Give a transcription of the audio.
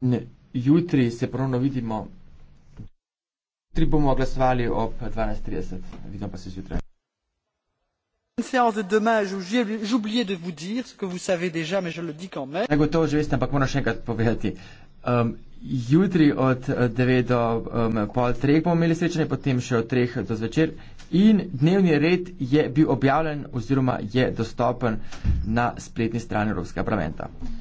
Ne, jutri se ponovno vidimo. Jutri bomo glasovali ob 12.30. Vidimo pa se zjutraj. Zagotovo že veste, ampak moram še enkrat povedati. Um, jutri od 9 eh, do um, pol 3 bomo imeli srečanje, potem še od 3 do zvečer. In dnevni red je bil objavljen oziroma je dostopen na spletni strani Evropskega parlamenta.